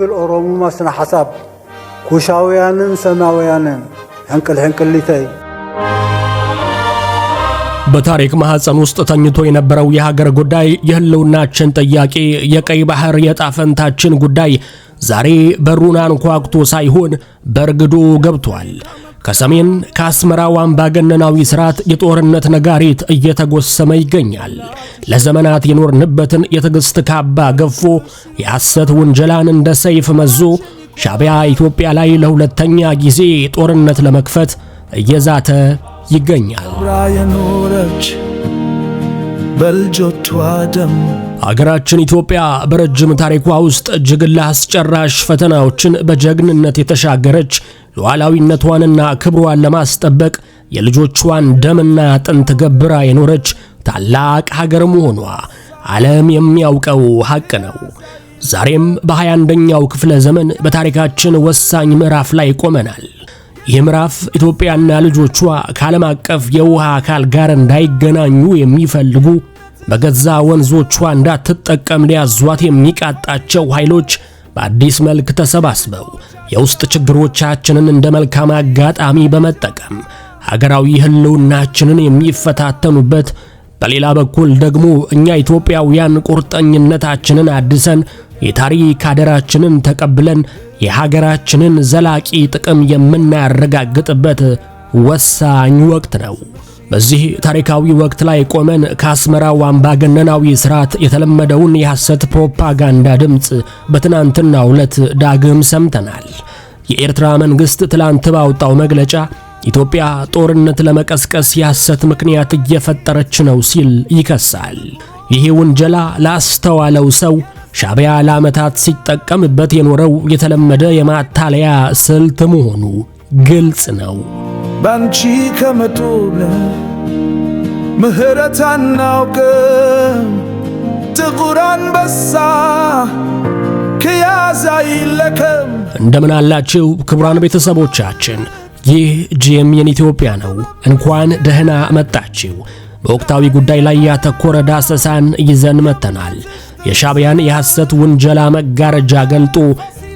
ክፍል ኦሮሞ ማስነ ሓሳብ ኩሻውያንን ሰናውያንን ሕንቅል ሕንቅሊተይ በታሪክ ማህፀን ውስጥ ተኝቶ የነበረው የሀገር ጉዳይ፣ የህልውናችን ጥያቄ፣ የቀይ ባህር የጣፈንታችን ጉዳይ ዛሬ በሩን አንኳኩቶ ሳይሆን በእርግዶ ገብቷል። ከሰሜን ከአስመራው አምባገነናዊ ስርዓት የጦርነት ነጋሪት እየተጎሰመ ይገኛል። ለዘመናት የኖርንበትን የትግስት ካባ ገፎ የሐሰት ውንጀላን እንደ ሰይፍ መዞ ሻቢያ ኢትዮጵያ ላይ ለሁለተኛ ጊዜ ጦርነት ለመክፈት እየዛተ ይገኛል። በልጆቿ ደም አገራችን ኢትዮጵያ በረጅም ታሪኳ ውስጥ እጅግ አስጨራሽ ፈተናዎችን በጀግንነት የተሻገረች ሉዓላዊነቷንና ክብሯን ለማስጠበቅ የልጆቿን ደምና አጥንት ገብራ የኖረች ታላቅ ሀገር መሆኗ ዓለም የሚያውቀው ሐቅ ነው። ዛሬም በ21ኛው ክፍለ ዘመን በታሪካችን ወሳኝ ምዕራፍ ላይ ቆመናል። ይህ ምዕራፍ ኢትዮጵያና ልጆቿ ከዓለም አቀፍ የውሃ አካል ጋር እንዳይገናኙ የሚፈልጉ በገዛ ወንዞቿ እንዳትጠቀም ሊያዟት የሚቃጣቸው ኃይሎች በአዲስ መልክ ተሰባስበው የውስጥ ችግሮቻችንን እንደ መልካም አጋጣሚ በመጠቀም ሀገራዊ ህልውናችንን የሚፈታተኑበት በሌላ በኩል ደግሞ እኛ ኢትዮጵያውያን ቁርጠኝነታችንን አድሰን የታሪክ አደራችንን ተቀብለን የሀገራችንን ዘላቂ ጥቅም የምናረጋግጥበት ወሳኝ ወቅት ነው። በዚህ ታሪካዊ ወቅት ላይ ቆመን ከአስመራው አምባገነናዊ ስርዓት የተለመደውን የሐሰት ፕሮፓጋንዳ ድምፅ በትናንትናው ዕለት ዳግም ሰምተናል። የኤርትራ መንግሥት ትላንት ባወጣው መግለጫ ኢትዮጵያ ጦርነት ለመቀስቀስ የሐሰት ምክንያት እየፈጠረች ነው ሲል ይከሳል። ይሄ ውንጀላ ላስተዋለው ሰው ሻቢያ ለዓመታት ሲጠቀምበት የኖረው የተለመደ የማታለያ ስልት መሆኑ ግልጽ ነው። ባንቺ ከመቶ ብለን ምህረት አናውቅም። ጥቁር አንበሳ ከያዛ ይለከም። እንደምን አላችሁ ክቡራን ቤተሰቦቻችን፣ ይህ ጂኤምኤን ኢትዮጵያ ነው። እንኳን ደህና መጣችሁ። በወቅታዊ ጉዳይ ላይ ያተኮረ ዳሰሳን ይዘን መጥተናል። የሻዕቢያን የሐሰት ውንጀላ መጋረጃ ገልጦ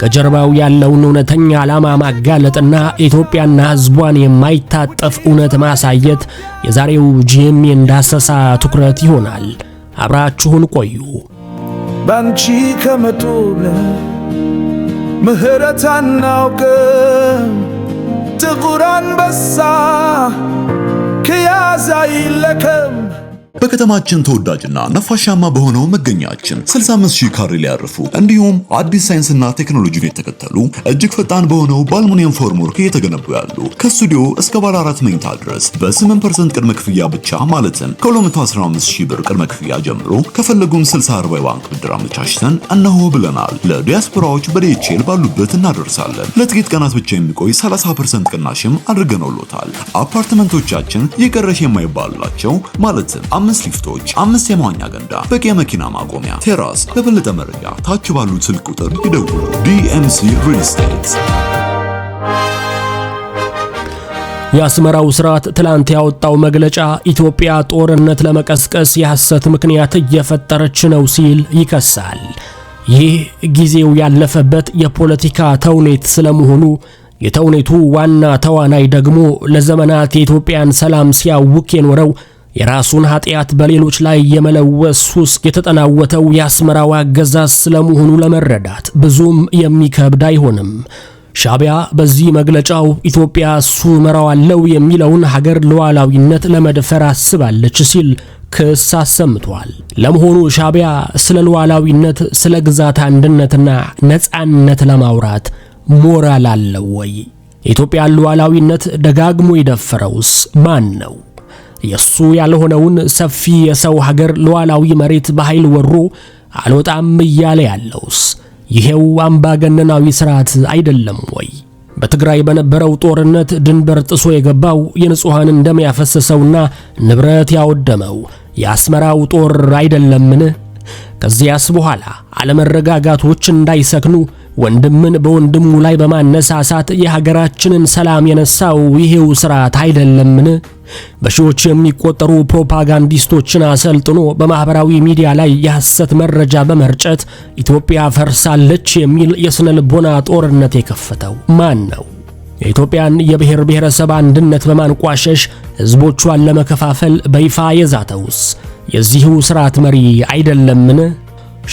ከጀርባው ያለውን እውነተኛ ዓላማ ማጋለጥና ኢትዮጵያና ሕዝቧን የማይታጠፍ እውነት ማሳየት የዛሬው ጂኤም እንዳሰሳ ትኩረት ይሆናል። አብራችሁን ቆዩ። ባንቺ ከመጦለ ምህረት አናውቅም ጥቁር አንበሳ ከያዛ ይለከም በከተማችን ተወዳጅና ነፋሻማ በሆነው መገኛችን 65 ሺህ ካሬ ሊያርፉ እንዲሁም አዲስ ሳይንስና ቴክኖሎጂን የተከተሉ እጅግ ፈጣን በሆነው በአልሙኒየም ፎርምወርክ እየተገነቡ ያሉ ከስቱዲዮ እስከ ባለ አራት መኝታ ድረስ በ8% ቅድመ ክፍያ ብቻ ማለትም ከ215 ሺህ ብር ቅድመ ክፍያ ጀምሮ ከፈለጉም 64 40 ባንክ ብድር አመቻችተን እነሆ ብለናል። ለዲያስፖራዎች በዲኤችኤል ባሉበት እናደርሳለን። ለጥቂት ቀናት ብቻ የሚቆይ 30% ቅናሽም አድርገነውሎታል። አፓርትመንቶቻችን የቀረሽ የማይባልላቸው ማለትም አምስት ሊፍቶች፣ አምስት የመዋኛ ገንዳ፣ በቂ የመኪና ማቆሚያ፣ ቴራስ። ለበለጠ መረጃ ታች ባሉት ስልክ ቁጥር ይደውሉ። ዲኤምሲ ሪል ስቴት። የአስመራው ስርዓት ትላንት ያወጣው መግለጫ ኢትዮጵያ ጦርነት ለመቀስቀስ የሐሰት ምክንያት እየፈጠረች ነው ሲል ይከሳል። ይህ ጊዜው ያለፈበት የፖለቲካ ተውኔት ስለመሆኑ የተውኔቱ ዋና ተዋናይ ደግሞ ለዘመናት የኢትዮጵያን ሰላም ሲያውክ የኖረው የራሱን ኃጢአት በሌሎች ላይ የመለወስ ሱስ የተጠናወተው የአስመራው አገዛዝ ስለመሆኑ ለመረዳት ብዙም የሚከብድ አይሆንም። ሻቢያ በዚህ መግለጫው ኢትዮጵያ እሱ እመራዋለሁ የሚለውን ሀገር ሉዓላዊነት ለመድፈር አስባለች ሲል ክስ አሰምቷል። ለመሆኑ ሻቢያ ስለ ሉዓላዊነት፣ ስለ ግዛት አንድነትና ነፃነት ለማውራት ሞራል አለው ወይ? የኢትዮጵያ ሉዓላዊነት ደጋግሞ የደፈረውስ ማን ነው? የእሱ ያልሆነውን ሰፊ የሰው ሀገር ሉዓላዊ መሬት በኃይል ወሮ አልወጣም እያለ ያለውስ ይሄው አምባገነናዊ ስርዓት አይደለም ወይ? በትግራይ በነበረው ጦርነት ድንበር ጥሶ የገባው የንጹሐንን ደም ያፈሰሰውና ንብረት ያወደመው የአስመራው ጦር አይደለምን? ከዚያስ በኋላ አለመረጋጋቶች እንዳይሰክኑ ወንድምን በወንድሙ ላይ በማነሳሳት የሀገራችንን ሰላም የነሳው ይሄው ስርዓት አይደለምን? በሺዎች የሚቆጠሩ ፕሮፓጋንዲስቶችን አሰልጥኖ በማህበራዊ ሚዲያ ላይ የሐሰት መረጃ በመርጨት ኢትዮጵያ ፈርሳለች የሚል የስነ ልቦና ጦርነት የከፈተው ማን ነው? የኢትዮጵያን የብሔር ብሔረሰብ አንድነት በማንቋሸሽ ሕዝቦቿን ለመከፋፈል በይፋ የዛተውስ የዚሁ ሥርዓት መሪ አይደለምን?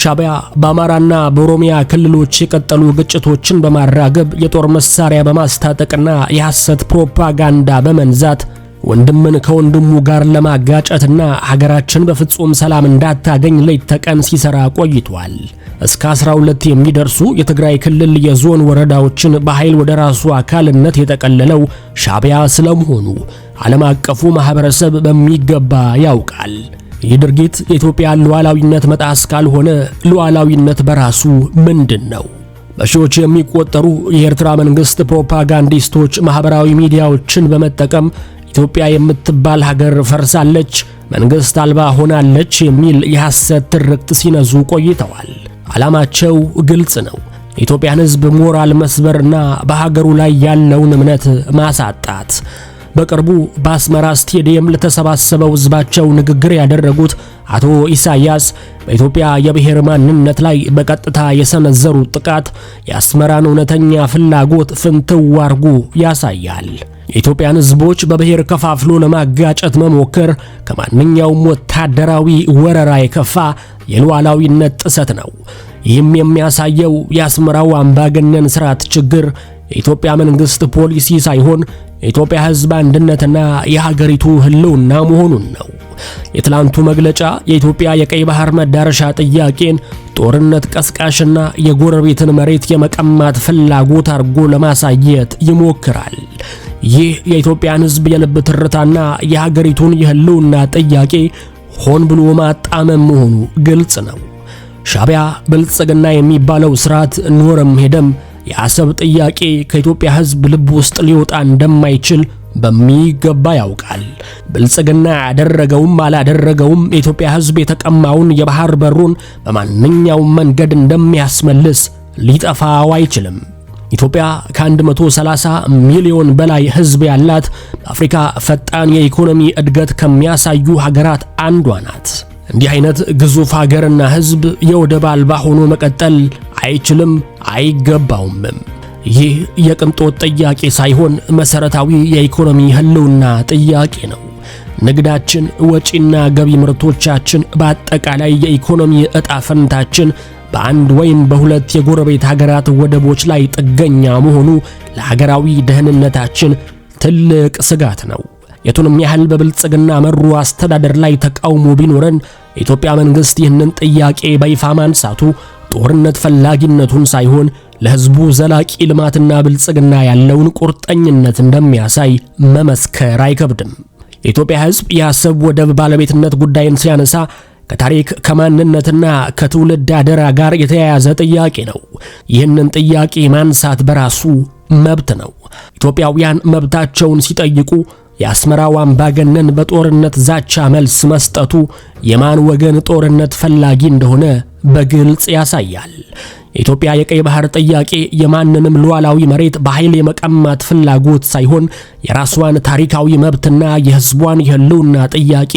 ሻቢያ በአማራና በኦሮሚያ ክልሎች የቀጠሉ ግጭቶችን በማራገብ የጦር መሳሪያ በማስታጠቅና የሐሰት ፕሮፓጋንዳ በመንዛት ወንድምን ከወንድሙ ጋር ለማጋጨትና ሀገራችን በፍጹም ሰላም እንዳታገኝ ሌት ተቀን ሲሰራ ቆይቷል። እስከ 12 የሚደርሱ የትግራይ ክልል የዞን ወረዳዎችን በኃይል ወደ ራሱ አካልነት የጠቀለለው ሻቢያ ስለመሆኑ ዓለም አቀፉ ማህበረሰብ በሚገባ ያውቃል። ይህ ድርጊት የኢትዮጵያን ሉዓላዊነት መጣስ ካልሆነ ሉዓላዊነት በራሱ ምንድን ነው? በሺዎች የሚቆጠሩ የኤርትራ መንግስት ፕሮፓጋንዲስቶች ማህበራዊ ሚዲያዎችን በመጠቀም ኢትዮጵያ የምትባል ሀገር ፈርሳለች፣ መንግሥት አልባ ሆናለች የሚል የሐሰት ትርክት ሲነዙ ቆይተዋል። ዓላማቸው ግልጽ ነው። የኢትዮጵያን ሕዝብ ሞራል መስበርና በሀገሩ ላይ ያለውን እምነት ማሳጣት። በቅርቡ በአስመራ ስቴዲየም ለተሰባሰበው ሕዝባቸው ንግግር ያደረጉት አቶ ኢሳያስ በኢትዮጵያ የብሔር ማንነት ላይ በቀጥታ የሰነዘሩት ጥቃት የአስመራን እውነተኛ ፍላጎት ፍንትው አርጎ ያሳያል። የኢትዮጵያን ህዝቦች በብሔር ከፋፍሎ ለማጋጨት መሞከር ከማንኛውም ወታደራዊ ወረራ የከፋ የሉዓላዊነት ጥሰት ነው። ይህም የሚያሳየው የአስመራው አምባገነን ስርዓት ችግር የኢትዮጵያ መንግስት ፖሊሲ ሳይሆን የኢትዮጵያ ህዝብ አንድነትና የሀገሪቱ ህልውና መሆኑን ነው። የትላንቱ መግለጫ የኢትዮጵያ የቀይ ባህር መዳረሻ ጥያቄን ጦርነት ቀስቃሽና የጎረቤትን መሬት የመቀማት ፍላጎት አድርጎ ለማሳየት ይሞክራል። ይህ የኢትዮጵያን ሕዝብ የልብ ትርታና የሀገሪቱን የህልውና ጥያቄ ሆን ብሎ ማጣመም መሆኑ ግልጽ ነው። ሻቢያ ብልጽግና የሚባለው ስርዓት ኖረም ሄደም የአሰብ ጥያቄ ከኢትዮጵያ ሕዝብ ልብ ውስጥ ሊወጣ እንደማይችል በሚገባ ያውቃል። ብልጽግና ያደረገውም አላደረገውም የኢትዮጵያ ሕዝብ የተቀማውን የባህር በሩን በማንኛውም መንገድ እንደሚያስመልስ ሊጠፋው አይችልም። ኢትዮጵያ ከ130 ሚሊዮን በላይ ህዝብ ያላት በአፍሪካ ፈጣን የኢኮኖሚ እድገት ከሚያሳዩ ሀገራት አንዷ ናት። እንዲህ አይነት ግዙፍ ሀገርና ህዝብ የወደብ አልባ ሆኖ መቀጠል አይችልም፣ አይገባውምም። ይህ የቅንጦት ጥያቄ ሳይሆን መሰረታዊ የኢኮኖሚ ህልውና ጥያቄ ነው። ንግዳችን፣ ወጪና ገቢ ምርቶቻችን፣ በአጠቃላይ የኢኮኖሚ እጣ ፈንታችን በአንድ ወይም በሁለት የጎረቤት ሀገራት ወደቦች ላይ ጥገኛ መሆኑ ለሀገራዊ ደህንነታችን ትልቅ ስጋት ነው። የቱንም ያህል በብልጽግና መሩ አስተዳደር ላይ ተቃውሞ ቢኖረን የኢትዮጵያ መንግስት ይህንን ጥያቄ በይፋ ማንሳቱ ጦርነት ፈላጊነቱን ሳይሆን ለህዝቡ ዘላቂ ልማትና ብልጽግና ያለውን ቁርጠኝነት እንደሚያሳይ መመስከር አይከብድም። የኢትዮጵያ ህዝብ የአሰብ ወደብ ባለቤትነት ጉዳይን ሲያነሳ ከታሪክ ከማንነትና ከትውልድ አደራ ጋር የተያያዘ ጥያቄ ነው። ይህንን ጥያቄ ማንሳት በራሱ መብት ነው። ኢትዮጵያውያን መብታቸውን ሲጠይቁ የአስመራው አምባገነን በጦርነት ዛቻ መልስ መስጠቱ የማን ወገን ጦርነት ፈላጊ እንደሆነ በግልጽ ያሳያል። የኢትዮጵያ የቀይ ባህር ጥያቄ የማንንም ሉዓላዊ መሬት በኃይል የመቀማት ፍላጎት ሳይሆን የራሷን ታሪካዊ መብትና የሕዝቧን የህልውና ጥያቄ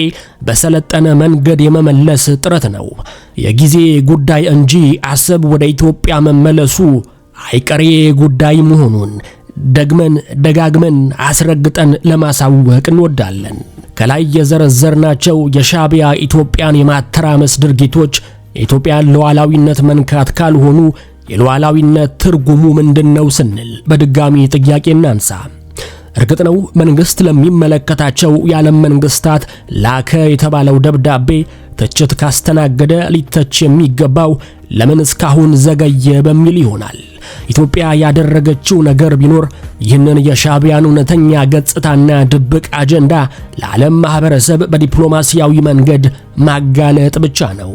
በሰለጠነ መንገድ የመመለስ ጥረት ነው። የጊዜ ጉዳይ እንጂ አሰብ ወደ ኢትዮጵያ መመለሱ አይቀሬ ጉዳይ መሆኑን ደግመን ደጋግመን አስረግጠን ለማሳወቅ እንወዳለን። ከላይ የዘረዘርናቸው የሻቢያ ኢትዮጵያን የማተራመስ ድርጊቶች የኢትዮጵያን ሉዓላዊነት መንካት ካልሆኑ የሉዓላዊነት ትርጉሙ ምንድን ነው ስንል በድጋሚ ጥያቄ እናንሳ። እርግጥ ነው መንግስት ለሚመለከታቸው የዓለም መንግስታት ላከ የተባለው ደብዳቤ ትችት ካስተናገደ ሊተች የሚገባው ለምን እስካሁን ዘገየ በሚል ይሆናል። ኢትዮጵያ ያደረገችው ነገር ቢኖር ይህንን የሻቢያን እውነተኛ ገጽታና ድብቅ አጀንዳ ለዓለም ማህበረሰብ በዲፕሎማሲያዊ መንገድ ማጋለጥ ብቻ ነው።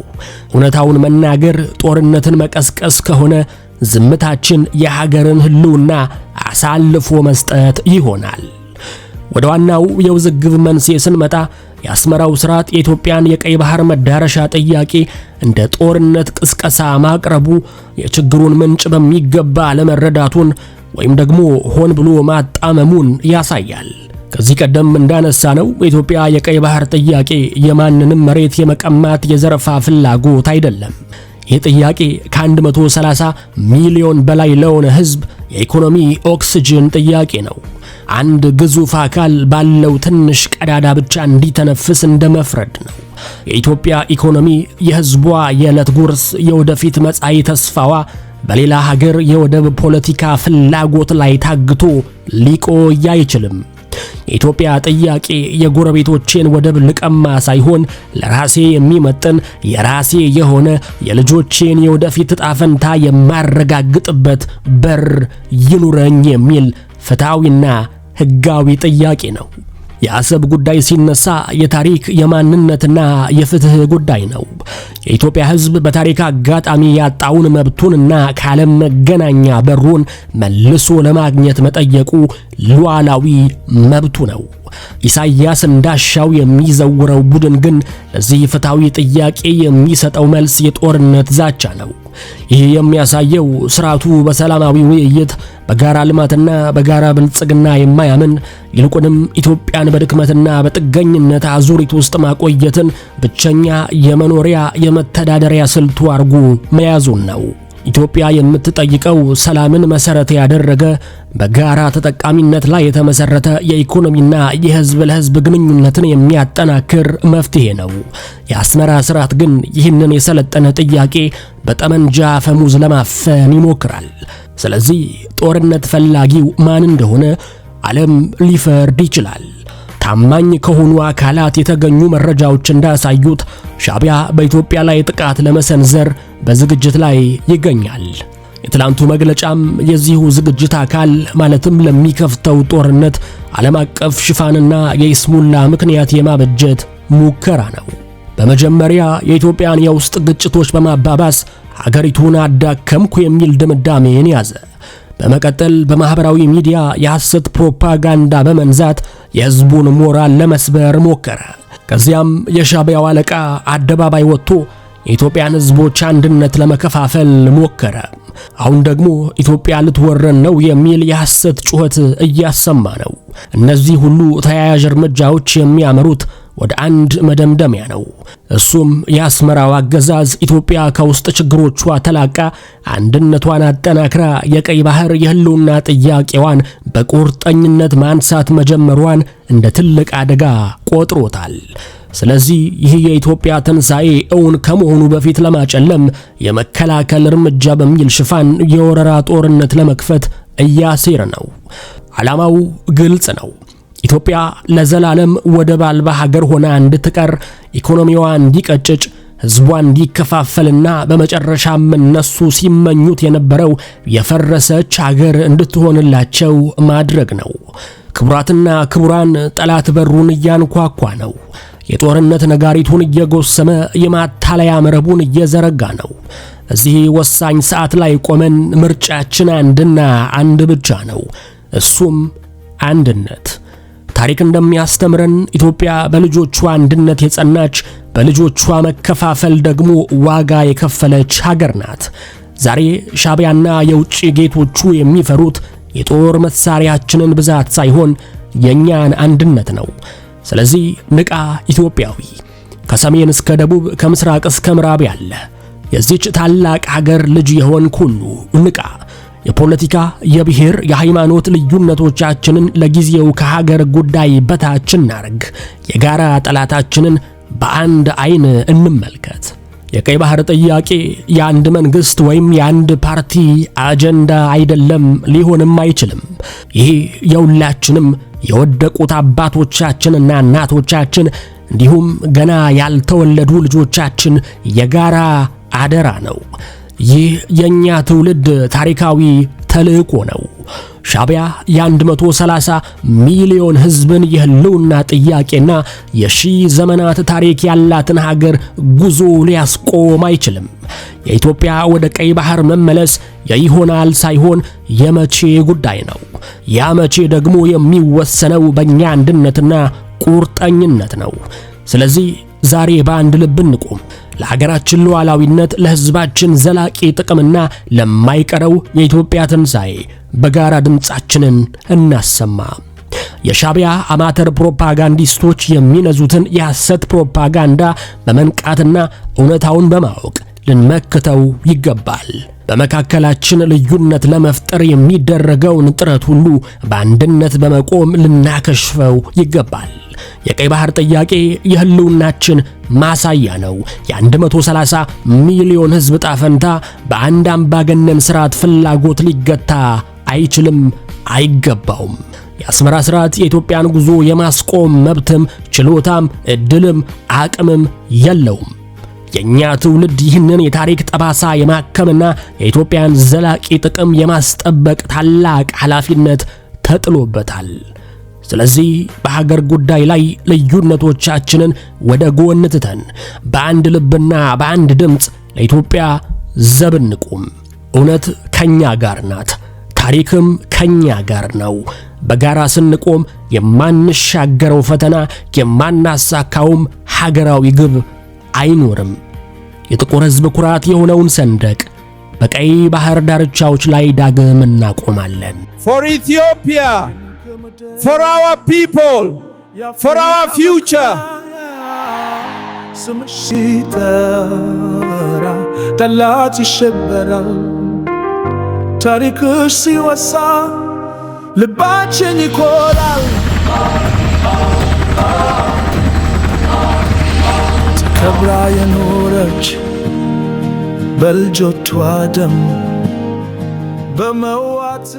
እውነታውን መናገር ጦርነትን መቀስቀስ ከሆነ ዝምታችን የሀገርን ህልውና አሳልፎ መስጠት ይሆናል። ወደ ዋናው የውዝግብ መንስኤ ስንመጣ የአስመራው ስርዓት የኢትዮጵያን የቀይ ባህር መዳረሻ ጥያቄ እንደ ጦርነት ቅስቀሳ ማቅረቡ የችግሩን ምንጭ በሚገባ አለመረዳቱን ወይም ደግሞ ሆን ብሎ ማጣመሙን ያሳያል። ከዚህ ቀደም እንዳነሳ ነው የኢትዮጵያ የቀይ ባህር ጥያቄ የማንንም መሬት የመቀማት የዘረፋ ፍላጎት አይደለም። ይህ ጥያቄ ከ130 ሚሊዮን በላይ ለሆነ ህዝብ የኢኮኖሚ ኦክስጅን ጥያቄ ነው። አንድ ግዙፍ አካል ባለው ትንሽ ቀዳዳ ብቻ እንዲተነፍስ እንደ መፍረድ ነው። የኢትዮጵያ ኢኮኖሚ፣ የህዝቧ የዕለት ጉርስ፣ የወደፊት መጻኢ ተስፋዋ በሌላ ሀገር የወደብ ፖለቲካ ፍላጎት ላይ ታግቶ ሊቆይ አይችልም። የኢትዮጵያ ጥያቄ የጎረቤቶቼን ወደብ ልቀማ ሳይሆን ለራሴ የሚመጥን የራሴ የሆነ የልጆቼን የወደፊት ዕጣ ፈንታ የማረጋግጥበት በር ይኑረኝ የሚል ፍትሐዊና ሕጋዊ ጥያቄ ነው። የአሰብ ጉዳይ ሲነሳ የታሪክ የማንነትና የፍትህ ጉዳይ ነው። የኢትዮጵያ ሕዝብ በታሪክ አጋጣሚ ያጣውን መብቱንና ከዓለም መገናኛ በሩን መልሶ ለማግኘት መጠየቁ ሉዓላዊ መብቱ ነው። ኢሳይያስ እንዳሻው የሚዘውረው ቡድን ግን ለዚህ ፍትሐዊ ጥያቄ የሚሰጠው መልስ የጦርነት ዛቻ ነው። ይህ የሚያሳየው ስርዓቱ በሰላማዊ ውይይት በጋራ ልማትና በጋራ ብልጽግና የማያምን ይልቁንም ኢትዮጵያን በድክመትና በጥገኝነት አዙሪት ውስጥ ማቆየትን ብቸኛ የመኖሪያ የመተዳደሪያ ስልቱ አርጎ መያዙን ነው። ኢትዮጵያ የምትጠይቀው ሰላምን መሰረት ያደረገ በጋራ ተጠቃሚነት ላይ የተመሰረተ የኢኮኖሚና የህዝብ ለህዝብ ግንኙነትን የሚያጠናክር መፍትሄ ነው። የአስመራ ስርዓት ግን ይህንን የሰለጠነ ጥያቄ በጠመንጃ ፈሙዝ ለማፈን ይሞክራል። ስለዚህ ጦርነት ፈላጊው ማን እንደሆነ ዓለም ሊፈርድ ይችላል። ታማኝ ከሆኑ አካላት የተገኙ መረጃዎች እንዳሳዩት ሻቢያ በኢትዮጵያ ላይ ጥቃት ለመሰንዘር በዝግጅት ላይ ይገኛል። የትላንቱ መግለጫም የዚሁ ዝግጅት አካል ማለትም ለሚከፍተው ጦርነት ዓለም አቀፍ ሽፋንና የይስሙላ ምክንያት የማበጀት ሙከራ ነው። በመጀመሪያ የኢትዮጵያን የውስጥ ግጭቶች በማባባስ ሀገሪቱን አዳከምኩ የሚል ድምዳሜን ያዘ። በመቀጠል በማኅበራዊ ሚዲያ የሐሰት ፕሮፓጋንዳ በመንዛት የህዝቡን ሞራል ለመስበር ሞከረ። ከዚያም የሻቢያው አለቃ አደባባይ ወጥቶ የኢትዮጵያን ህዝቦች አንድነት ለመከፋፈል ሞከረ። አሁን ደግሞ ኢትዮጵያ ልትወረን ነው የሚል የሐሰት ጩኸት እያሰማ ነው። እነዚህ ሁሉ ተያያዥ እርምጃዎች የሚያመሩት ወደ አንድ መደምደሚያ ነው። እሱም የአስመራው አገዛዝ ኢትዮጵያ ከውስጥ ችግሮቿ ተላቃ አንድነቷን አጠናክራ የቀይ ባህር የህልውና ጥያቄዋን በቁርጠኝነት ማንሳት መጀመሯን እንደ ትልቅ አደጋ ቆጥሮታል። ስለዚህ ይህ የኢትዮጵያ ትንሣኤ እውን ከመሆኑ በፊት ለማጨለም የመከላከል እርምጃ በሚል ሽፋን የወረራ ጦርነት ለመክፈት እያሴረ ነው። ዓላማው ግልጽ ነው። ኢትዮጵያ ለዘላለም ወደብ አልባ ሀገር ሆና እንድትቀር፣ ኢኮኖሚዋ እንዲቀጭጭ፣ ህዝቧ እንዲከፋፈልና በመጨረሻም እነሱ ሲመኙት የነበረው የፈረሰች ሀገር እንድትሆንላቸው ማድረግ ነው። ክቡራትና ክቡራን፣ ጠላት በሩን እያንኳኳ ነው። የጦርነት ነጋሪቱን እየጎሰመ የማታለያ መረቡን እየዘረጋ ነው። እዚህ ወሳኝ ሰዓት ላይ ቆመን ምርጫችን አንድና አንድ ብቻ ነው፣ እሱም አንድነት ታሪክ እንደሚያስተምረን ኢትዮጵያ በልጆቿ አንድነት የጸናች፣ በልጆቿ መከፋፈል ደግሞ ዋጋ የከፈለች ሀገር ናት። ዛሬ ሻቢያና የውጭ ጌቶቹ የሚፈሩት የጦር መሳሪያችንን ብዛት ሳይሆን የእኛን አንድነት ነው። ስለዚህ ንቃ ኢትዮጵያዊ። ከሰሜን እስከ ደቡብ ከምስራቅ እስከ ምዕራብ ያለ የዚች ታላቅ ሀገር ልጅ የሆንክ ሁሉ ንቃ። የፖለቲካ የብሔር፣ የሃይማኖት ልዩነቶቻችንን ለጊዜው ከሀገር ጉዳይ በታች እናርግ። የጋራ ጠላታችንን በአንድ አይን እንመልከት። የቀይ ባህር ጥያቄ የአንድ መንግስት ወይም የአንድ ፓርቲ አጀንዳ አይደለም፣ ሊሆንም አይችልም። ይሄ የሁላችንም የወደቁት አባቶቻችንና እናቶቻችን እንዲሁም ገና ያልተወለዱ ልጆቻችን የጋራ አደራ ነው። ይህ የእኛ ትውልድ ታሪካዊ ተልዕኮ ነው። ሻቢያ የ130 ሚሊዮን ህዝብን የህልውና ጥያቄና የሺህ ዘመናት ታሪክ ያላትን ሀገር ጉዞ ሊያስቆም አይችልም። የኢትዮጵያ ወደ ቀይ ባህር መመለስ የይሆናል ሳይሆን የመቼ ጉዳይ ነው። ያ መቼ ደግሞ የሚወሰነው በእኛ አንድነትና ቁርጠኝነት ነው። ስለዚህ ዛሬ በአንድ ልብ እንቁም። ለሀገራችን ሉዓላዊነት፣ ለህዝባችን ዘላቂ ጥቅምና ለማይቀረው የኢትዮጵያ ትንሣኤ በጋራ ድምፃችንን እናሰማ። የሻቢያ አማተር ፕሮፓጋንዲስቶች የሚነዙትን የሐሰት ፕሮፓጋንዳ በመንቃትና እውነታውን በማወቅ ልንመክተው ይገባል። በመካከላችን ልዩነት ለመፍጠር የሚደረገውን ጥረት ሁሉ በአንድነት በመቆም ልናከሽፈው ይገባል። የቀይ ባህር ጥያቄ የህልውናችን ማሳያ ነው። የ130 ሚሊዮን ህዝብ ጣፈንታ በአንድ አምባገነን ስርዓት ፍላጎት ሊገታ አይችልም፣ አይገባውም። የአስመራ ስርዓት የኢትዮጵያን ጉዞ የማስቆም መብትም ችሎታም እድልም አቅምም የለውም። የእኛ ትውልድ ይህንን የታሪክ ጠባሳ የማከምና የኢትዮጵያን ዘላቂ ጥቅም የማስጠበቅ ታላቅ ኃላፊነት ተጥሎበታል። ስለዚህ በሀገር ጉዳይ ላይ ልዩነቶቻችንን ወደ ጎን ትተን በአንድ ልብና በአንድ ድምፅ ለኢትዮጵያ ዘብ እንቁም። እውነት ከኛ ጋር ናት፣ ታሪክም ከኛ ጋር ነው። በጋራ ስንቆም የማንሻገረው ፈተና የማናሳካውም ሀገራዊ ግብ አይኖርም። የጥቁር ሕዝብ ኩራት የሆነውን ሰንደቅ በቀይ ባህር ዳርቻዎች ላይ ዳግም እናቆማለን። ፎር ኢትዮጵያ ፎር አወር ፒፕል ፎር አወር ፊውቸር ስምሽ ሲጠራ ጠላት ይሸበራል። ታሪክሽ ሲወሳ ልባችን ይኮራል። ከብራ የኖረች በልጆቿ ደም በመዋት